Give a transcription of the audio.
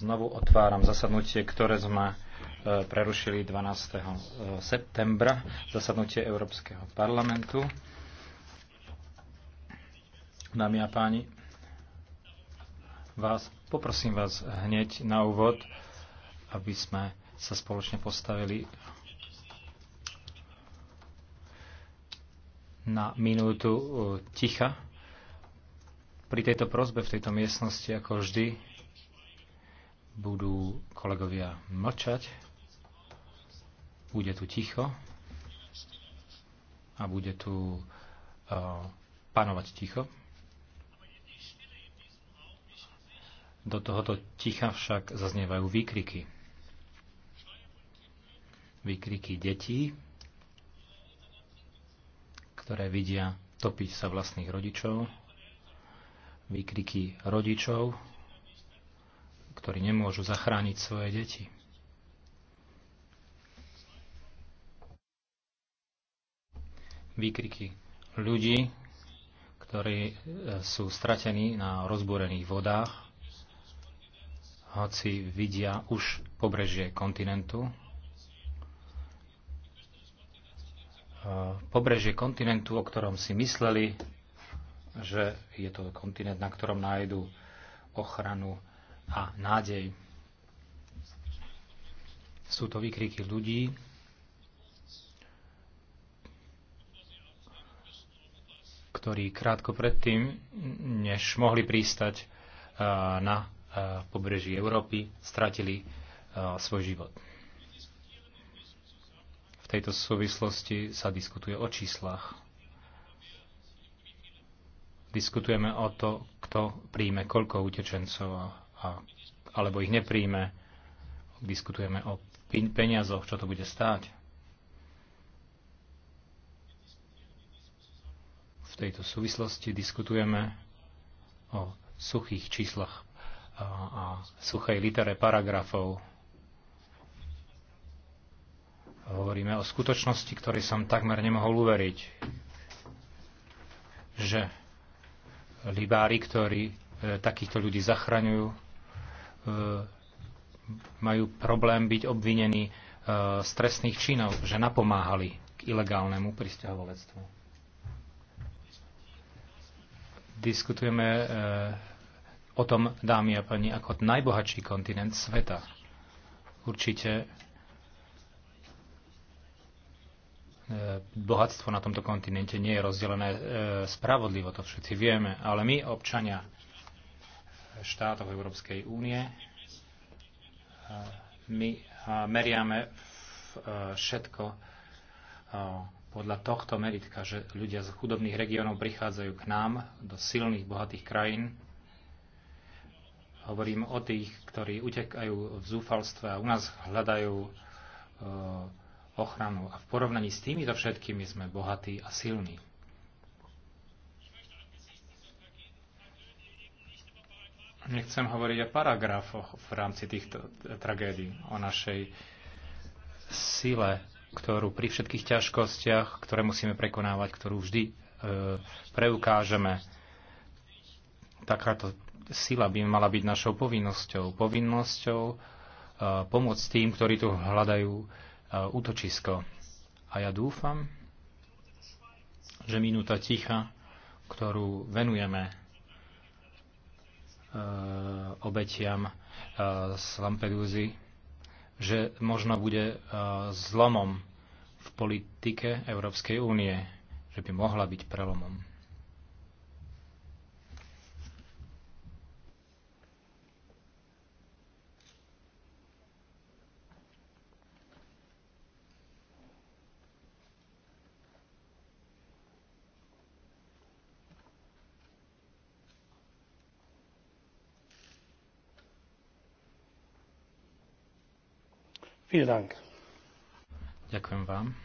Znovu otváram zasadnutie, ktoré sme e, prerušili 12. E, septembra, zasadnutie Európskeho parlamentu. Dámy a páni, vás, poprosím vás hneď na úvod, aby sme sa spoločne postavili na minútu e, ticha. Pri tejto prozbe v tejto miestnosti, ako vždy, budú kolegovia mlčať, bude tu ticho a bude tu uh, panovať ticho. Do tohoto ticha však zaznievajú výkriky. Výkriky detí, ktoré vidia topiť sa vlastných rodičov, výkriky rodičov, ktorí nemôžu zachrániť svoje deti. Výkriky ľudí, ktorí e, sú stratení na rozbúrených vodách, hoci vidia už pobrežie kontinentu. E, pobrežie kontinentu, o ktorom si mysleli, že je to kontinent, na ktorom nájdu ochranu a nádej. Sú to vykriky ľudí, ktorí krátko predtým, než mohli pristať eh, na eh, pobreží Európy, stratili eh, svoj život. V tejto súvislosti sa diskutuje o číslach. Diskutujeme o to, kto príjme koľko utečencov a, a, alebo ich nepríjme. Diskutujeme o peniazoch, čo to bude stáť. V tejto súvislosti diskutujeme o suchých číslach a, a suchej litere paragrafov. Hovoríme o skutočnosti, ktorej som takmer nemohol uveriť, že libári, ktorí e, takýchto ľudí zachraňujú, e, majú problém byť obvinení e, z trestných činov, že napomáhali k ilegálnemu pristahovalectvu. Diskutujeme o tom, dámy a pani, ako najbohatší kontinent sveta. Určite E, bohatstvo na tomto kontinente nie je rozdelené e, spravodlivo, to všetci vieme, ale my, občania štátov Európskej únie, e, my meriame všetko podľa tohto meritka, že ľudia z chudobných regiónov prichádzajú k nám, do silných, bohatých krajín. Hovorím o tých, ktorí utekajú v zúfalstve a u nás hľadajú ochranu. A v porovnaní s týmito všetkými sme bohatí a silní. Nechcem hovoriť o paragrafoch v rámci týchto tragédií, o našej sile, ktorú pri všetkých ťažkostiach, ktoré musíme prekonávať, ktorú vždy e, preukážeme. Takáto sila by mala byť našou povinnosťou. Povinnosťou e, pomôcť tým, ktorí tu hľadajú Eh, útočisko. A ja dúfam, že minúta ticha, ktorú venujeme eh, obetiam eh, z Lampedúzy, že možno bude zlomom v politike Európskej únie, že by mohla byť prelomom. Ďakujem vám.